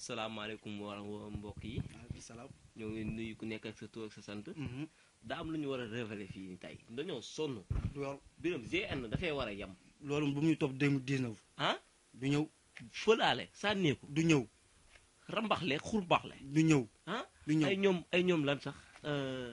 salaamaaleykum wa mbokk yi. waaleykum salaam. ñoo ngi nuyu ku nekk sa tur sa sant. Mhm. daa am lu ñu war a révéler fii nii tey. dañoo sonn. loolu biram GN dafay war a yem. loolu bu mu ñu topp 2019. ah du ñëw. fëlaale sànneeku. du ñëw. rambaxle xurbaxle. du ñëw. ah du ñëw ay ñoom ay ñoom lan sax. Euh,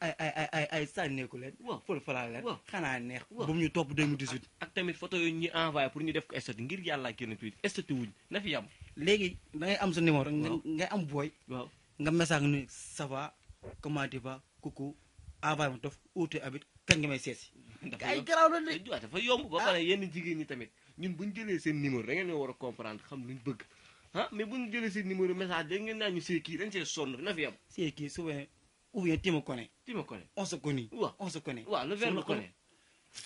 ay ay ay ay sànneeku leen. waaw fël fëlaale leen. xanaa neex. bu mu ñu topp 2018. ak tamit photo yooyu ñi envoyé pour ñu def ko statut ngir yàlla génn tuuti statut wuñ na fi yam léegi da ngay am sa numéro. nga am booy. waaw nga message ni ça va comment tu vas coucou envoyé ma tof uute abit kañ nga may seesi. ay garaaw la de dafa yomb ba ah. pare yenn jigéen ñi tamit ñun bu ñu jëlee seen numéro da ngeen ñoo war a comprendre xam luñ bëgg. ah mais bu ñu jëlee seen numéro message da ngeen naa ñu see kii dañ see sonn na fi yam see kii souvent ou bien tu me connais. tu me connais on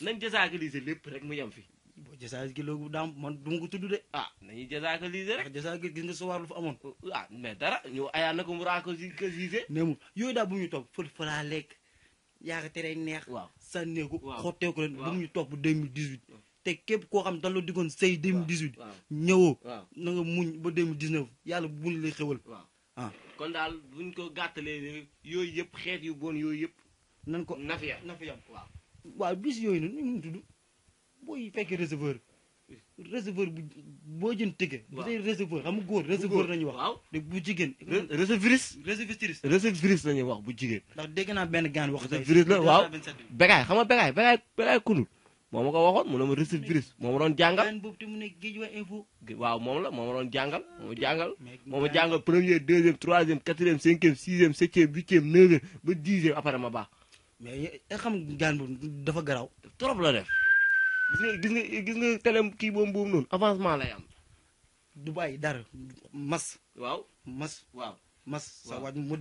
Nan njezak li ze le prek mwen yam fi? Bo njezak li se lo gwen dam, mwen mwen gwen tou do de. Nan njezak li se le? Nan njezak li se le gwen sou arlou fw amon. Mwen dara, nywe aya nan kon mwen akon si kezize. Yo yon da mwen yon tou, fw la lek. Yon a re teren nye ak. Sanye kwen mwen yon tou pou 2018. Te kep kwa kwa mwen tan lo di kon se yon 2018. Nywe mwen mwen yon 2019. Yal mwen li se le. Kondal, mwen kwen gaten le, yo yon chet yon bon, yo yon yon. Nan kon? waaw bis yooyu noonu ñu mun tudd booy fekkee receveur receveur bu boo jën tëgge bu dee receveur xam nga góor receveur lañuy wax waaw dég bu jigéen recevrice recevrice recevrice lañuy wax bu jigéen ndax dégg naa benn gaan wax recevrice la waaw bégaay xam nga bégaay bégaay bégaay kunul moo ma ko waxoon mu ne ma recevrice moo ma doon jàngal waaw moom la moo ma doon jàngal moo ma jàngal moo ma jàngal premier deuxième troisième quatrième cinquième sixième septième huitième neuvième ba dixième après ma baax mais xam gaan bu dafa garaw trop la def gis nga gis nga télé kii boobu boobu avancement lay am du bàyyi dara mas waaw mas waaw mas sa waaj mu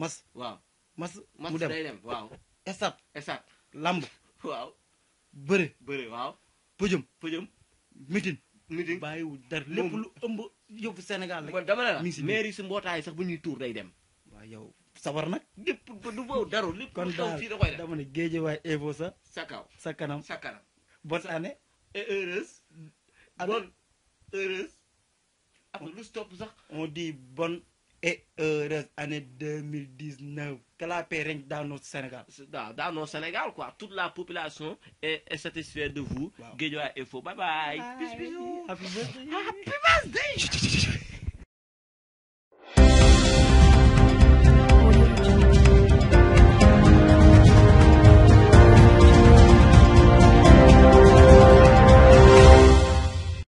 mas waaw mas mu dem day dem waaw esat esat lamb waaw bëre bëre waaw pëjëm pëjëm mitin mitin bàyyiwul dara lépp lu ëmb yóbbu Sénégal rek si mbootaay sax bu ñuy tuur day dem waaw yow sabar nag. lépp du boobu daru lépp. kon daal dama ne géejewaay Evo sa. sa sa kanam sa kanam. bonne année. et heureuse. bonne heureuse. am na lu stop sax. on dit bonne et heureuse année 2019. mille dix neuf. que la paix règne dans notre Sénégal. dans notre Sénégal quoi toute la population est satisfaite de vous. waaw géejewaay Evo bye bye. bye bye. happy birthday. happy birthday.